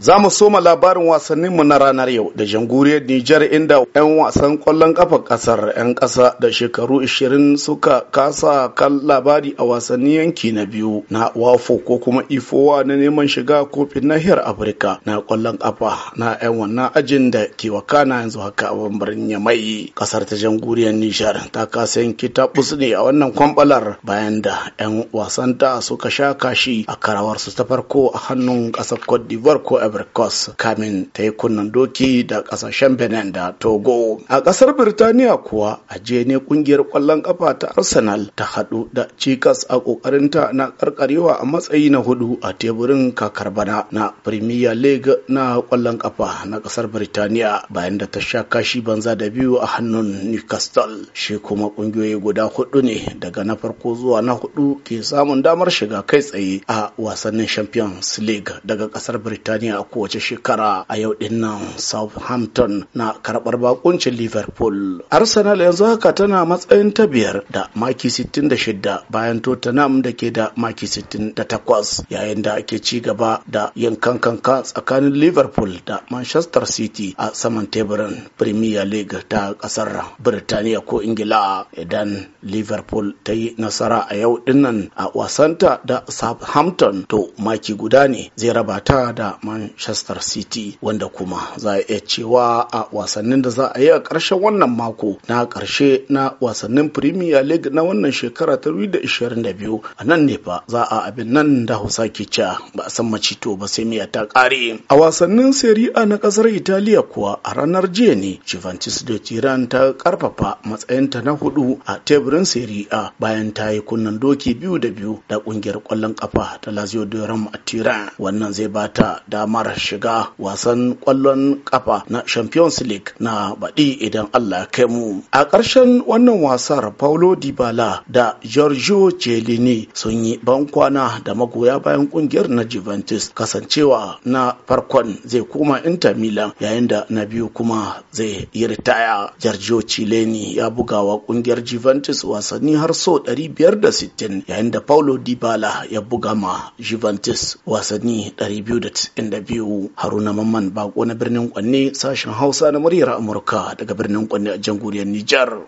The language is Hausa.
Za mu soma labarin wasannin mu na ranar yau da janguriyar Nijar inda 'yan wasan ƙwallon ƙafa ƙasar 'yan ƙasa da shekaru 20 suka kasa kan labari a wasannin yanki na biyu na wafo ko kuma ifowa na neman shiga kofin nahiyar Afirka na ƙwallon ƙafa na 'yan wannan ajin da ke wakana yanzu haka a bambarin Yamai. Ƙasar ta janguriyar Nijar ta kasa yanki ta ne a wannan kwambalar bayan da 'yan ta suka sha kashi a karawarsu ta farko a hannun ƙasar Cote d'Ivoire ko Ivory Coast kamin ta yi kunnen doki da kasashen Benin da Togo. A kasar Birtaniya kuwa a ne kungiyar kwallon kafa ta Arsenal ta hadu da cikas a kokarinta na karkarewa a matsayi na hudu a teburin kakar bana na Premier League na kwallon kafa na kasar Birtaniya bayan da ta sha kashi banza da biyu a hannun Newcastle. Shi kuma kungiyoyi guda hudu ne daga na farko zuwa na hudu ke samun damar shiga kai tsaye a wasannin Champions League daga kasar Birtaniya a kowace shekara a yau din nan Southampton na karɓar bakuncin Liverpool. Arsenal yanzu haka tana matsayin ta biyar da maki 66 bayan Tottenham da ke da maki 68 yayin da ake ci gaba da yin kankanka tsakanin Liverpool da Manchester City a saman teburin Premier League ta kasar Birtaniya ko Ingila idan Liverpool ta yi nasara a yau dinnan a wasanta da Southampton to maki guda ne zai rabata da Man manchester city wanda kuma za a iya cewa a wasannin da za a yi a ƙarshen wannan mako na ƙarshe na wasannin premier league na wannan shekara ta 2022 a nan ne fa za a abin nan da hausa ke cewa ba a san macito ba sai miya ta ƙare a wasannin serie a na ƙasar italiya kuwa a ranar jiya ne juventus da tiran ta ƙarfafa matsayinta na hudu a teburin serie a bayan ta yi kunnen doki biyu da biyu da ƙungiyar ƙwallon ƙafa ta lazio Roma a tiran wannan zai ba ta dama damar shiga wasan ƙwallon ƙafa na Champions League na baɗi idan Allah kai mu. A ƙarshen wannan wasar Paulo dibala da Giorgio celini sun yi ban kwana da magoya bayan ƙungiyar na Juventus kasancewa na farkon zai koma Inter Milan yayin da na biyu kuma zai yi ritaya. Giorgio celini ya bugawa ƙungiyar Juventus wasanni har so sittin, yayin da Paulo dibala ya buga ma Juventus wasanni 295. biyu haruna mamman bako na birnin kwanne sashen hausa na muryar amurka daga birnin kwanne a jamhuriyar nijar